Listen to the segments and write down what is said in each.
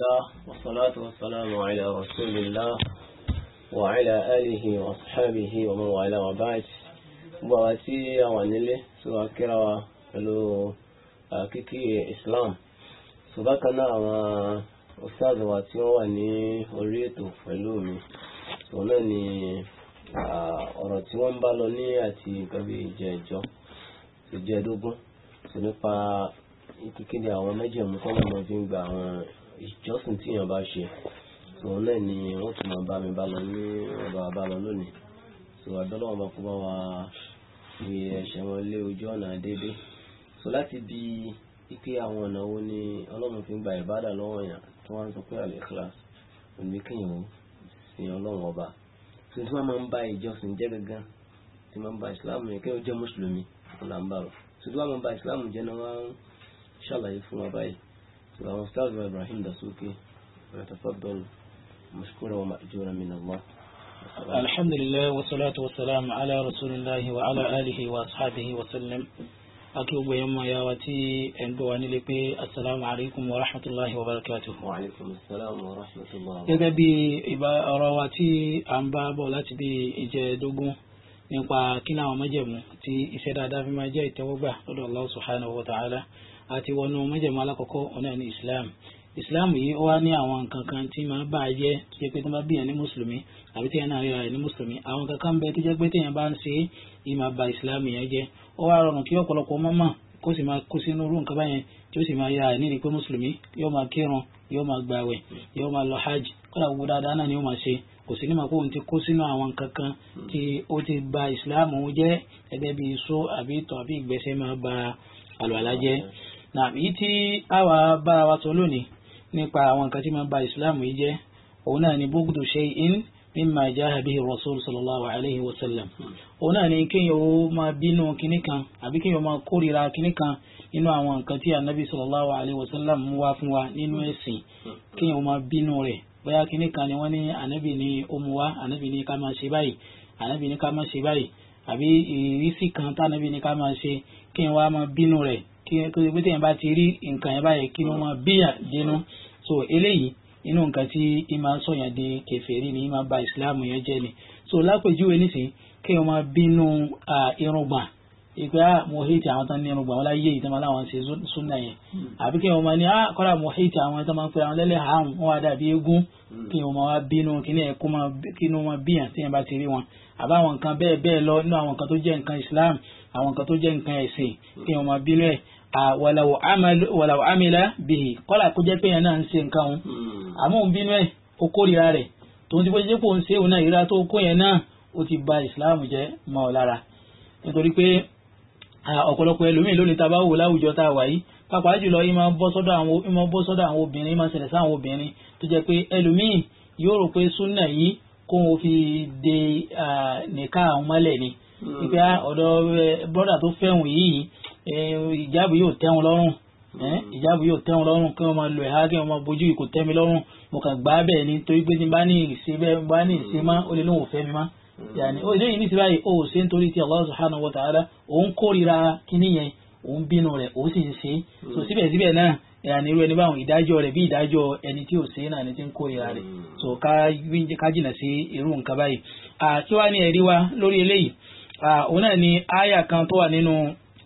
الله والصلاة والسلام على رسول الله وعلى آله وصحبه ومن والاه وبعد بواتي وانيلي سوى كرا لو كيكي إسلام سبقنا استاذ واتي واني وريتو فلومي ونني ọ̀rọ̀ tí wọ́n ń bá lọ ní àti nǹkan bíi ìjẹ́jọ́ ìjẹ́dógún sí nípa kíkí àwọn méjì ọ̀mú fi ń gba àwọn ìjọsìn tí èèyàn bá ṣe tòun náà ni wọ́n tún máa bá mi bá lọ ní ọba bá lọ lónìí tó àdọ́lọ́ wọn bá kó bá wa fi ẹ̀ṣẹ̀ wọn lé ojú ọ̀nà déédéé tó láti bí ipe àwọn ọ̀nà wo ni ọlọ́run fi ń gba ìbádà lọ́wọ́ yàn tó wá ń sọ pé al-ikhlas òní kéèyàn sin ọlọ́run ọba tí wọ́n máa ń ba ìjọsìn jẹ́ gangan tí wọ́n ba ìsìláàmù yẹn kéèyàn jẹ́ mùsùlùmí ọ̀làǹbàrò tí wọ́n máa ń ba ìsìláàmù jẹ́ náà wọ́n ń ṣàlàyé fún wa báyìí وأستاذ إبراهيم دسوكي ويتفضل مشكورا ومأجورا من الله الحمد لله والصلاة والسلام على رسول الله وعلى آله وأصحابه وسلم aki ogbe yan ma yawa tí ẹ ń gbọ́ wa nílé pé asalaamu alaykum wa rahmatulahi wa barakatu. wa alaykum asalaam wa rahmatulahi. gẹ́gẹ́ bí ìbá ọ̀rọ̀ wa tí a ń bá bọ̀ láti bí ìjẹ́dógún nípa kí ni àwọn májẹ̀mú tí iṣẹ́ dáadáa fi máa jẹ́ ìtẹ́wọ́gbà lọ́dọ̀ Allah subhanahu wa ta'ala àti wọnú mẹjẹmú alákọ̀ọ́kọ́ ọ̀nà ní islam islam yìí ó wá ní àwọn nǹkan kan tí máa bá a jẹ́ tó jẹ́ pé tó bá bíyàn ní mùsùlùmí àbí tí yẹn náà ríra ní mùsùlùmí àwọn nǹkan kan bẹ tó jẹ́ pé téèyàn bá ń ṣe yìí máa ba islam yẹn jẹ́ ó wá rọrùn kí ọ̀pọ̀lọpọ̀ mọ́mọ́ kó sì máa kó sínú irú nǹkan báyẹn tí ó sì máa yára ní ìpé mùsùlùmí yóò máa kírun yóò máa gbàwẹ̀ yóò máa lọ hajj kódà gbogbo dáadáa náà ni ó máa ṣe kò sí nímọ̀ pé òun ti kó sínú àwọn nǹkan kan tí ó ti ba ìsìláàmù jẹ́ gẹ́gẹ́ bí iṣó àbí ìtọ̀ àbí ìgbẹ́sẹ̀ máa ba àlùwàlá jẹ́ náà èyí tí àwa bára wa sọ lónìí nípa àwọn nǹkan tí máa ba islam yìí jẹ́ òun náà ni bugdu shay'in mimma jaha bihi rasul sallallahu alayhi wa sallam òun náà ni kéèyàn ó máa bínú kinní kan àbí kéèyàn ó máa kórìíra kinní kan nínú àwọn nǹkan tí anabi sallallahu alayhi wa sallam mú wá fún wa nínú ẹ̀sìn kéèyàn ó máa bínú rẹ̀ bóyá kinní kan ni wọ́n ní anabi ni ó mú wá anabi ni ká máa ṣe báyìí anabi ni ká máa ṣe báyìí àbí ìrísí kan tá anabi ni ká máa ṣe kéèyàn wá máa bínú rẹ̀ kí ẹ pé pé téèyàn bá ti rí nǹkan yẹn báyẹn kí ló máa bíyà dénú so eléyìí inú nǹkan tí ì máa sọyàn di kèfèrí ni ì máa ba ìsìláàmù yẹn jẹ́ ni so lápèjúwe nísìn kí wọn máa bínú irùngbọ̀n ìpè ah mo hate àwọn tán ní irùngbọ̀n wọn láyé ìtàn máa láwọn ṣe súnà yẹn hmm. àbí kí wọn máa ní ah kọ́ra mo hate àwọn tán máa ń pè àwọn lẹ́lẹ́ àrùn wọn wá dàbí eégún hmm. kí wọn máa wá bínú kí ní ẹ̀kọ́ máa kí ní wọn bíyàn tí yẹn bá ti rí wọn àbá àwọn nǹkan bẹ́ẹ̀ bẹ́ẹ̀ lọ nínú àwọn nǹkan tó jẹ́ nǹkan Islam àwọn nǹkan tó jẹ́ nǹkan ẹ̀sìn kí wọn hmm. máa bínú ẹ̀ wàlàwò amílà bìhì kọ́là kó jẹ́ pé yẹn náà ń ṣe nǹkan òun hmm. àmọ́ òun bínú ẹ̀ ó kórìíra rẹ̀ tòun ti bó jẹ́ pé òun ṣe òun náà ìríra tó kó yẹn náà ó ti ba ìsìláàmù jẹ́ mọ́ ọ lára nítorí pé ọ̀pọ̀lọpọ̀ ẹlòmíì lónìí tá a bá wò láwùjọ tá a wà yìí pàápàá jùlọ ìmọ̀ bọ́ sọ́dọ̀ àwọn obìnrin ìmọ̀ ṣẹlẹ̀ sáwọn obìnrin tó jẹ́ pé ẹlòmíì yóò rò pé súnà yìí kó wọn fi de nìka àwọn mọ́lẹ̀ ni ìpẹ́ hmm. ah, ọ̀dọ̀ eh, bọ́dà tó fẹ́hùn yìí ìjáàbù yóò tẹ́ wọn lọ́rùn hmm. ìjáàbù yóò tẹ́ wọn lọ́rùn kí wọ́n máa lo ẹ̀há kí wọ́n máa bójú kò tẹ́ mi lọ́rùn mo kàn gbà á bẹ́ẹ̀ ni torí pé tí n bá ní ìṣe bẹ́ẹ̀ bá ní ìṣe má ó lè lóun ò fẹ́ mi má. Hmm. yàní ó lè ní ìṣe báyìí ó ṣe nítorí ti Allah subhanahu wa ta'ala òun kórira kíní yẹn òun bínú rẹ̀ òun sì ń ṣe so hmm. síbẹ̀síbẹ̀ náà yàní irú ẹni báwọn ìdájọ́ rẹ̀ bí ìdájọ́ ẹni tí ò ṣe náà ni ti ń kórira rẹ̀ so ká jìnà sí irú nǹkan báyìí. kí wàá ẹ̀rí wa lórí eléyìí òun náà ni áyà kan tó wà nínú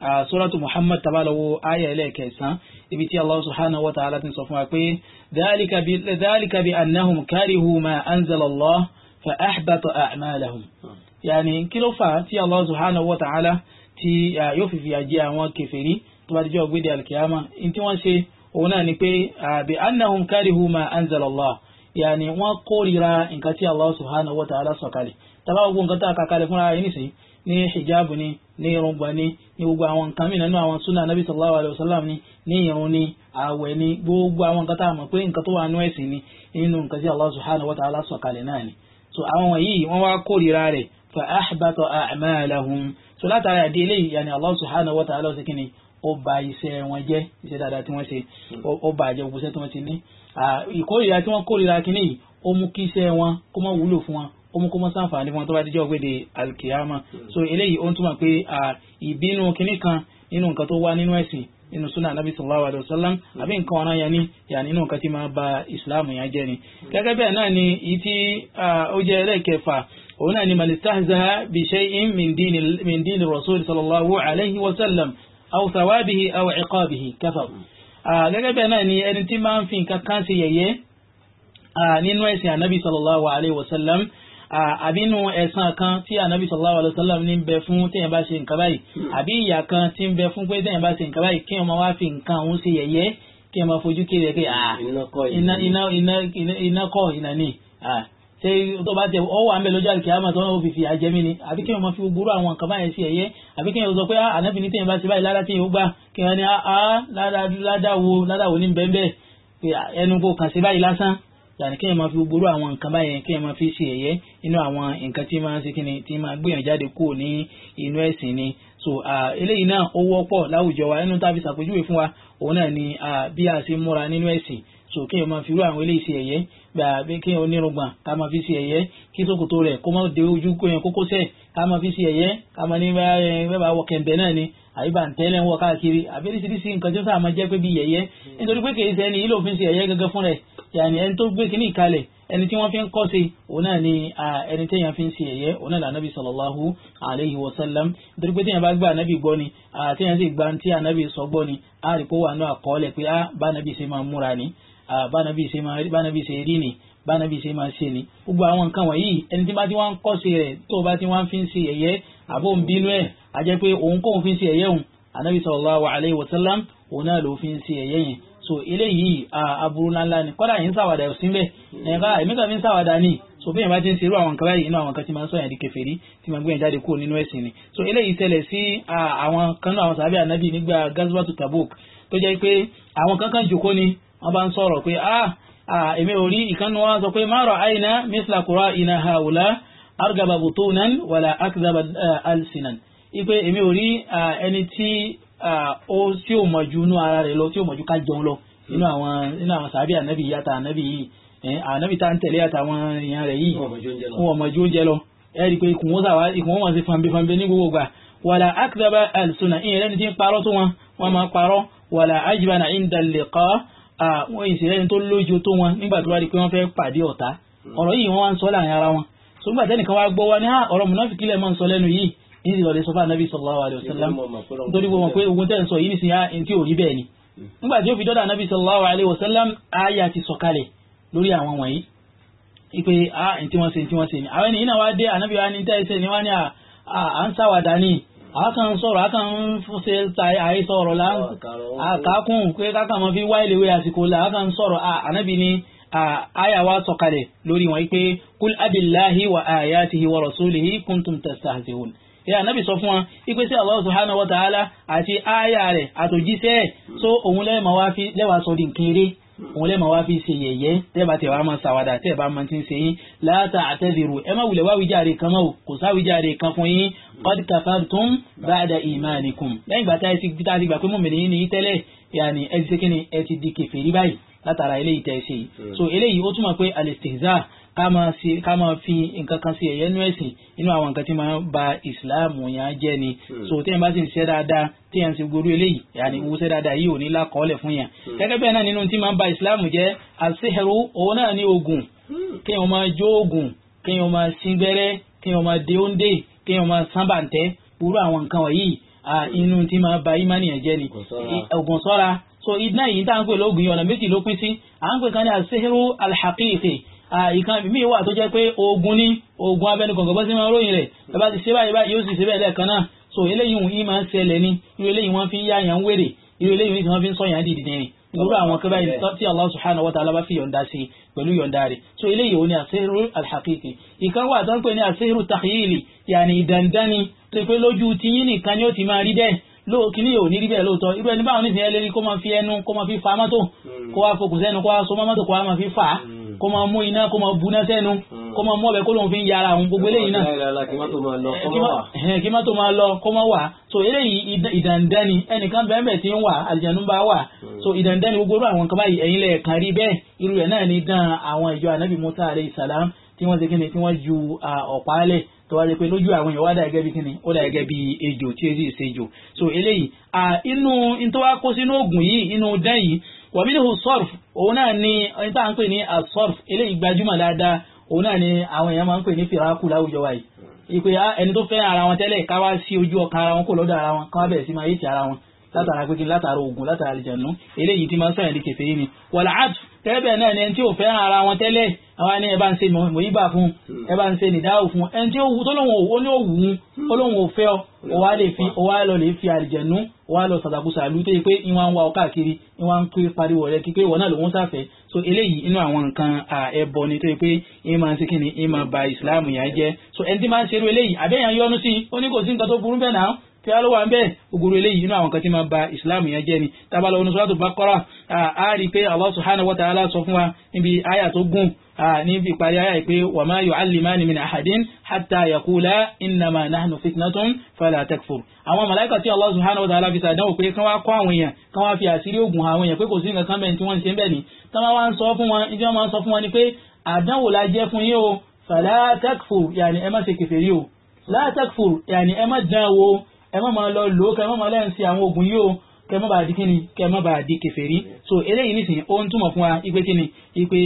Ah, suratu muhammad tabalawo aya ẹlẹ́ẹ̀kẹsàn ibi tí allah subhanahu wa ta'ala ti sọ fún wa pé dhalika bi annahum karihu ma anzala allah fa ahbata a'malahum yani kí ló fà tí allah subhanahu wa ta'ala tí yóò fi fìyà jẹ àwọn kèfèrí tó bá dijọ́ gbéde alkiyama in tí wọ́n ṣe òun náà ni pé bi annahum karihu ma anzala yàní wọ́n kórìíra nǹkan tí Allah subhanahu wa ta'ala sọ̀kalẹ̀ tàbá gbogbo nǹkan tá a kàkalẹ̀ fúnra yìí nìsín ní hijab ni ní irungba ni ní gbogbo àwọn nǹkan mìíràn nínú àwọn sunna nabi sallallahu alayhi wa sallam ni ní irun ni àwẹ̀ ni gbogbo àwọn nǹkan tá a mọ̀ pé nǹkan tó wà nú ẹ̀sìn ni nínú nǹkan tí Allah subhanahu wa ta'ala sọ̀kalẹ̀ náà ni so àwọn wọ̀nyí wọ́n wá kórìíra rẹ̀ fa ahbata a'malahum so látara àdéhìlẹ̀ yìí Allah subhanahu wa ta'ala sọ̀kìnì ó ba iṣẹ́ wọn jẹ́ iṣẹ́ dáadáa tí wọ́n ṣe ó ba àjẹ gbogbo iṣẹ́ tí wọ́n ti ní ìkórìíra tí wọ́n kórìíra kínní yìí ó mú kí iṣẹ́ wọn kó má wúlò fún wọn ó mú kó má ṣàǹfààní fún wọn tó bá dijọ́ gbèdé alkiyama so eléyìí ó ń túmọ̀ pé ìbínú kínní kan nínú nǹkan tó wá nínú ẹ̀sìn nínú súnà anábì sallallahu alaihi wasallam àbí nǹkan ọ̀ràn yẹn ni yà nínú nǹkan tí máa ba ìsìláàmù yẹn jẹ́ ni gẹ́gẹ́ bẹ́ẹ̀ náà ni èyí ó jẹ́ ẹlẹ́ẹ̀kẹfà òun náà ni man istahzaha bi shay'in min dini min dini rasul sallallahu alaihi wasallam aw thawabihi aw iqabihi kafar gẹ́gẹ́ bẹ́ẹ̀ náà ni ẹni tí máa ń fi nǹkan kan sí yẹ̀yẹ́ nínú ẹ̀sìn ànábì sallallahu alayhi wa sallam àbínú ẹ̀san kan tí ànábì sallallahu alayhi wa sallam ní bẹ fún téèyàn bá ṣe nǹkan báyìí hmm. àbí ìyà kan tí ń bẹ fún pé téèyàn bá ṣe nǹkan báyìí kí wọ́n wá fi nǹkan òun sí yẹ̀yẹ́ kí wọ́n máa fojú kéré pé ah, iná kọ́ iná ni. Ah ṣé tó bá tẹ ọwọ́ àmì lọ́jọ́ àlùkè àmọ́ tó wọ́n fi fi àjẹmí ni àbí kí wọ́n mọ fi gbúrú àwọn nǹkan báyẹn sí ẹ̀yẹ àbí kí wọ́n sọ pé ah, ànábì ní tẹ̀yìn bá ti báyìí ládá tí yóò gbà kí wọ́n ní á ládàwó ládàwó ní bẹ́ẹ̀ pé ah, ẹnu kò kàn sí báyìí lásán yàrá kí wọ́n mọ fi gbúrú àwọn nǹkan báyẹn kí wọ́n mọ fi sí ẹ̀yẹ inú àwọn nǹkan tí máa ń ṣe kíni tí máa gbìyànjú ni so eléyìí náà ó wọ́pọ̀ láwùjọ wa nínú tá a fi ṣàpèjúwe fún wa ni bí a ṣe múra so kí wọ́n mọ fi rú àwọn eléyìí sí gbà bí kí onírùngbọ̀n ká máa fi ṣe ẹ̀yẹ kí sókòtò rẹ̀ kó má dé ojú kókósẹ̀ ká máa fi ṣe ẹ̀yẹ ká máa ní bẹ́ẹ̀ bá wọ kẹ̀ǹbẹ̀ náà ni àbí bàǹtẹ́lẹ̀ ń wọ káàkiri àbí oríṣiríṣi nǹkan tí ó sáà máa jẹ́ pé bí yẹ̀yẹ́ nítorí pé kìí sẹ́ni yìí ló fi ń ṣe ẹ̀yẹ́ gẹ́gẹ́ fún rẹ̀ yàní ẹni tó gbé kínní ìkalẹ̀ ẹni tí wọ́n fi ń kọ́ sí òun náà ni ẹni téèyàn fi ń ṣe ẹ̀yẹ́ òun náà lànàbí sallallahu alayhi wa sallam nítorí pé téèyàn bá gbà ànábì gbọ́ ni téèyàn sì gbà tí ànábì sọ gbọ́ ni á rí pé wà nínú àkọọ́lẹ̀ pé á ah, bá ànábì ṣe máa múra ni bánabi ṣe máa rí bánabi ṣe rí ni bánabi ṣe máa ṣe ni gbogbo àwọn nǹkan wọ̀nyí ẹni tí bá ti wá ń kọ́sí rẹ̀ tó o bá ti wá ń fi ń ṣe ẹ̀yẹ àbó ń bínú ẹ̀ a jẹ́ pé òun kóun fi ń ṣe ẹ̀yẹ òun anabi sallallahu alayhi wa sallam òun náà ló fi ń ṣe ẹ̀yẹ yẹn so eléyìí aburú ńláńlá ni kọ́dà yìí ń ṣàwàdà síbẹ̀ ẹ̀ka èmi kàn fi ń ṣàwàdà ni so bẹ́ẹ̀ bá ti ń ṣerú àwọn nǹkan báyìí inú àwọn kan ti máa ń sọ̀yàn di kèfèrí tí máa ń gbìyànjú jáde kúrò nínú ẹ̀sìn ni so eléyìí ṣẹlẹ̀ sí àwọn kan náà àwọn sàbẹ̀ ànábì nígbà gazwatu Tabuk tó jẹ́ pé àwọn kankan jòkó ni wọ́n bá ń sọ̀rọ̀ pé ah, ah èmi ò rí ìkànnì wọn sọ pé ma ra'ayna misla qura'ina haula argaba butunan wala akzaba eh, alsinan ipe èmi ò rí eh, ẹni tí eh, ó tí ò mọ̀jú inú ara rẹ̀ lọ tí ò mọ̀jú ká jẹun lọ nínú àwọn nínú àwọn sàbí ànábì yàtà ànábì yìí ànábì tá ń tẹ̀lé àtàwọn èèyàn rẹ̀ yìí wọn mọ̀jú oúnjẹ lọ ẹ̀rí pé ikùn wọn sàwá wọn yìí sì rẹ́ni tó lójú tó wọn nígbà tó wá di pé wọ́n fẹ́ pàdé ọ̀tá ọ̀rọ̀ yìí wọ́n wá ń sọ láàrin ara wọn so nígbà tẹ́nìkan wá gbọ́ wá ní ah, ọ̀rọ̀ mùnáfíkì lẹ̀ máa ń sọ lẹ́nu yìí ní ìsìn lọ́dẹ sọfà nàbí sallallahu alaihi wasallam nítorí wọn mọ̀ pé ogun tẹ́ ń sọ yìí nìsín ah, tí ò rí bẹ́ẹ̀ ni hmm. nígbà tí ó fi dọ́dà nàbí sallallahu alaihi wasallam àyà ti sọ̀kalẹ̀ lórí àwọn wọ̀nyí ipe ah ntí wọ́n ṣe ntí wọ́n ṣe ni àwọn ènìyàn wá dé ànábì wa ní tẹ́ ẹsẹ̀ ni wọ́n ní ah, à ń sáwàdà ní àákàn sọ̀rọ̀ àákàn ń ṣe àìsọ̀rọ̀ là àkákùn pé kákàn mọ́ fi wá ìléwé àsìkò là àákàn sọ̀rọ̀ ànábì ni àyà wa sọ̀kalẹ̀ lórí wọn pé kul abillahi wa ayatihi wa rasulihi kuntum tastahzi'un ìyá anábì sọ fún wa ipe sí Allah subhanahu wa ta'ala àti àyà rẹ̀ àtòjíṣẹ́ hmm. so òun lẹ́wàá sọ di nkéré òun lẹ́mọ̀ wá fi ṣe yẹ̀yẹ́ tẹ́ bá tẹ̀ wá máa ṣàwádà tẹ́ bá máa ti ń ṣe yín láta àtẹ́zìrò ẹ má wulẹ̀ wá wíjàre kan mọ́ kò sáwíjàre kan fún yín qad kafartum ba'da imanikum lẹ́yìn ìgbà tá ẹ ti gbà pé mọ̀mìnì yín ní tẹ́lẹ̀ yàní ẹ ti ṣe kí ni ẹ ti di kèfèrí báyìí látara eléyìí tẹ́ ṣe mm. so eléyìí ó túmọ̀ pé al-istihza ká máa fi nǹkan kan sí ẹ̀yẹ́ nú ẹ̀sìn inú àwọn nǹkan tí máa ba Islam yẹn jẹ́ ni hmm. so téèyàn bá sì ń ṣe dáadáa téèyàn sì gbóró eléyìí yàní ìwúṣe hmm. dáadáa yìí ò ní lákọọ́lẹ̀ fún yàn hmm. gẹ́gẹ́ bẹ́ẹ̀ náà nínú tí máa ba Islam jẹ́ àṣehẹ̀rọ òun náà ní oògùn kéèyàn máa jó oògùn kéèyàn máa sin gbẹ́rẹ́ kéèyàn máa de oúnjẹ kéèyàn máa sábàǹtẹ́ wúrú àwọn nǹkan wọ̀nyí inú tí máa ba ìmánìyàn jẹ́ ni oògùn sọ́ra so idna yìí tá à ń pè lóògùn yìí ọ̀nà méjì ló pín sí à ń pè kan ní àṣehẹ̀rọ alhaqiqi ìkan mímí wà tó jẹ́ pé oògùn ní oògùn abẹnugọ̀ngọ̀ bọ́ sí máa ròyìn rẹ̀ bàbá ti ṣe báyìí báyìí yóò sì ṣe bẹ́ẹ̀ lẹ́ẹ̀kan náà so eléyìí hùn yìí máa ń ṣẹlẹ̀ ni irú eléyìí wọ́n fi ń yáyàn ń wèrè irú eléyìí ní ti wọ́n fi ń sọ̀yàn dìdì ní irú àwọn kẹba yìí tí Allah subhanahu wa ta'ala bá fi yọ̀ǹda sí pẹ̀lú yọ̀ǹda rẹ̀ so eléyìí òun ni àṣírí alhakiki ìkan wà tó ń pè ní àṣírí takhili yàní dandani tó pé lóò kìíní yóò ní rí bẹ́ẹ̀ lóòótọ́ irú ẹni báwọn nísìnyẹn lérí kó máa fi ẹnu kó máa fi fa mọ́tò hmm. kó wá fokùn sẹ́nu kó wá so mọ́tò kó wá máa fi fà á hmm. kó máa mú iná kó máa buná sẹ́nu hmm. kó máa mú ọbẹ̀ kó lóun fi ń yára òun gbogbo eléyìí náà kí mọ́tò máa lọ kó máa wà so eléyìí ìdàndẹ́ni ẹnìkan bẹ́ẹ̀ tí ń wà àlìjànú bá wà so ìdàndẹ́ni gbogbo àwọn nǹkan báyìí ẹ̀yin lẹ̀ kàn rí bẹ́ẹ̀ irú ẹ̀ náà ní dán àwọn ìjọ ànábì Musa alayhi salam tí wọ́n ṣe kí ni tí wọ́n ju ọ̀pá lẹ̀ tó wá jẹ́ pé lójú àwọn èèyàn wá dà gẹ́gẹ́ bí kíni ó dà gẹ́gẹ́ bí ejò tí èsì ìṣejò so eléyìí à inú tó wá kó sínú oògùn yìí inú dán yìí wàmílíhù sọ́rf òun náà ni ẹni tá à ń pè ní asọ́rf eléyìí gbajúmọ̀ dáadáa òun náà ni àwọn èèyàn máa ń pè ní fìràkù láwùjọ wa yìí ìpè ẹni tó fẹ́ ara wọn tẹ́lẹ̀ ká wá sí ojú ọkàn ara wọn kó lọ́dọ̀ ara wọn ká wá sí máa yéèkì ara wọn látara pé kí látara oògùn látara àlìjànú eléyìí ti máa ń sọ̀rọ̀ ní kẹfẹ́ yìí ni wàlá tẹ́lẹ̀bẹ̀ náà ni ẹni tí ò fẹ́ràn ara wọn tẹ́lẹ̀ àwa ni ẹ bá ń ṣe mòyíbà fún ẹ bá ń ṣe nìdáhù fún ẹni tí ó lóun ò ní òwú ó lóun ò fẹ́ ọ ó wá lè fi ó wá lọ lè fi àlìjẹ̀nú ó wá lọ sàdàkúsà lù tó pé ìwọ̀n ń wa ọ káàkiri ìwọ̀n ń pè pariwo rẹ kí pé ìwọ náà lòun sáfẹ́ so eléyìí inú àwọn nǹkan ẹbọ ni tó yẹ pé ìyẹn máa ń ṣe kí ìyẹn máa ba ìsìláàmù yẹn jẹ́ so ẹni tí máa ń ṣerú eléyìí àbẹ́yàn yọnu kí á ló wà ń bẹ́ẹ̀ ogoro eléyìí nínú àwọn kan tí máa ba islam yẹn jẹ́ ni tábàlà onú sọ́lá tó bá kọ́ra á rí i pé allah subhanahu wa ta'ala sọ fún wa níbi àyà tó gùn níbi ìparí àyà pé wa ma yu'allimani min ahadin hatta yaqula innama nahnu fitnatun fala takfur àwọn màláìkà tí allah subhanahu wa ta'ala fi sàdánwò pé kán wá kọ́ àwọn èèyàn kán wá fi àṣírí ògùn àwọn èèyàn pé kò sí nǹkan bẹ́ẹ̀ tí wọ́n ṣe bẹ́ẹ̀ ni tán wá ń sọ fún yàní ẹ má ṣe kèfèrí o la yàní ẹ má dán wo ẹ má máa lọ lò ó kẹ má máa lẹ́yìn sí àwọn oògùn yìí o kẹ má bàa di kíni kẹ má bàa di kèfèrí so eléyìí nìsín ó ń túmọ̀ fún wa ipe kíni ipe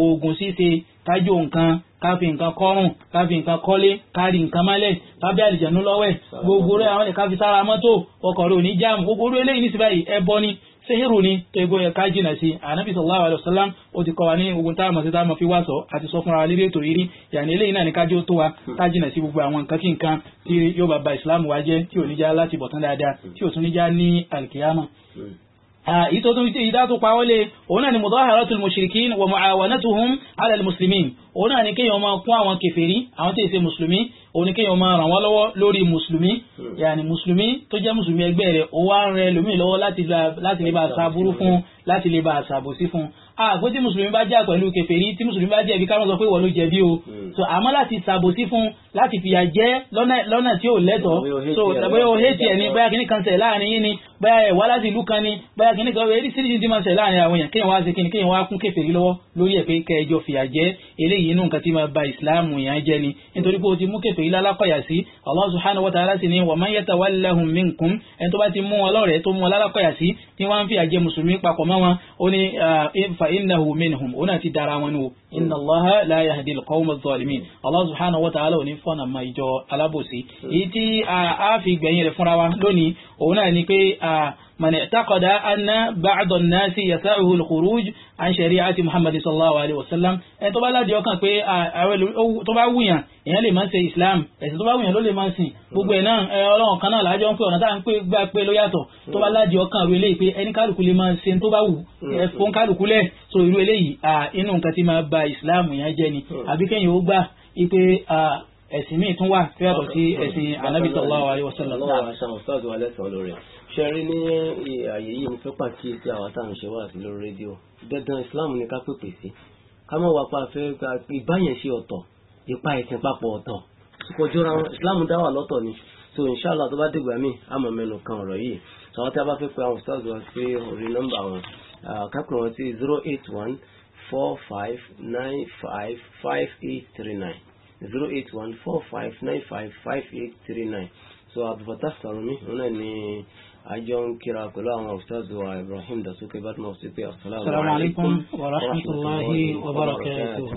oògùn ṣíṣe kájò nǹkan káfi nǹkan kọrùn káfi nǹkan kọ́lé kárí nǹkan mọ́lẹ̀ kábí àlìjẹ̀nu lọ́wẹ̀ gbogbo rẹ̀ àwọn ẹ̀ka fi sára mọ́tò ọkọ̀ rẹ̀ ò ní jáàmù gbogbo rẹ̀ eléyìí nìsín báyìí ẹbọ ni sehiru ni tó igbó yẹ ká jìnà sí anabi sallallahu alayhi wa sallam ó ti kọ́ wa ní ogun táàmù sí táàmù fi wá sọ àti sọ fúnra wa lérí ètò yìí yàní eléyìí náà ni kájọ tó wa ká jìnà sí gbogbo àwọn nǹkan kí nǹkan tí yóò bá ba ìsìlámù wa jẹ́ tí ò ní já láti bọ̀tán dáadáa tí ò tún ní já ní alkiyama èyí tó tún ìdá tó pa wọlé òun náà ni mudaharatul mushrikin wa mu'awanatuhum ala al-muslimin òun náà ni kéèyàn máa kún àwọn kèfèrí àwọn tí èsè mùsùlùmí òun ni kéèyàn máa ràn wọ́n lọ́wọ́ lórí mùsùlùmí hmm. yàní mùsùlùmí tó jẹ́ mùsùlùmí ẹgbẹ́ rẹ̀ ó wá ń rẹ lómi lọ́wọ́ láti lè bá a sàbúrú fún láti lè bá àgbé ah, tí mùsùlùmí bá jà pẹ̀lú kèfèrí tí mùsùlùmí bá jẹ̀bi káwọn sọ pé wọ́n ló jẹ̀bi o hmm. so àmọ́ láti ṣàbòsí fún láti fìyà jẹ lọ́nà tí ò lẹ́tọ̀ọ́ so bóyá o hate ẹ̀ ni bóyá kìíní kan ṣẹ̀ láàrin yín ni bóyá ẹ̀ wá láti ìlú kan ni bóyá kìíní kan eré sídìí ti máa ṣẹ̀ láàrin àwọn èèyàn kéèyàn wá ṣe kíni kéèyàn wá kún kèfèrí lọ́wọ́ lórí ẹ̀ pé kẹjọ fìyà jẹ eléyìí inú nǹkan tí máa ba ìsìláàmù yẹn jẹ ni nítorí pé o ti mú kèfèrí lálákọ̀yà sí Allah subhanahu wa ta'ala sì wa man yatawallahum minkum ẹni tó bá ti mú wọn lọ́rẹ̀ẹ́ tó mú wọn lálákọ̀yà sí tí فإنه منهم أنا تدارا منه إن الله لا يهدي القوم الظالمين الله سبحانه وتعالى ونفنا ما يجو على بوسي إتي آفي بين الفراوة لوني أنا نكي من اعتقد أن بعض الناس يسعه الخروج عن شريعة محمد صلى الله عليه وسلم ẹni tó bá láti ọkàn pé tó bá wùyàn èèyàn lè máa ń ṣe islam ẹ̀sìn tó bá wùyàn ló lè máa ń sìn gbogbo ẹ̀ náà ọlọ́run kan náà lájọ ń pè ọ̀nà tá à ń pè gbà pé ló yàtọ̀ tó bá láti ọkàn ru eléyìí pé ẹni kálukú lè máa ṣe tó bá wù fún kálukú lẹ̀ so irú eléyìí inú nǹkan tí máa ba islam yẹn jẹ́ ni hmm. àbí kẹ́yìn ó gbà pé ẹ̀sìn míì tún wà fẹ́ràn sí ẹ̀sìn anábìtọ̀ wà wà ṣẹ́rí ní àyè yìí mo fẹ́ pàkíyèsí àwọn tá à ń ṣe wà sí lórí rédíò dandan Islam ní ká pèpè sí ká má wà pa fẹ́ ìbáyẹn ṣe ọ̀tọ̀ ipa ẹ̀sìn papọ̀ ọ̀tọ̀ kọjúra wọn Islam dá wà lọ́tọ̀ ni so inshallah tó bá dìgbà míì àmọ̀ mẹ́nu kan ọ̀rọ̀ yìí àwọn tí a bá fẹ́ pe àwọn stars wa sí orí nọ́mbà wọn kápẹ́ wọn sí zero eight one four five nine five five eight three nine zero eight one four five nine five five eight three nine so abdulfatah sàrùmí òun náà ní. أجون كرا كلام أستاذ إبراهيم دسوكي بات موسيقي السلام عليكم ورحمة الله وبركاته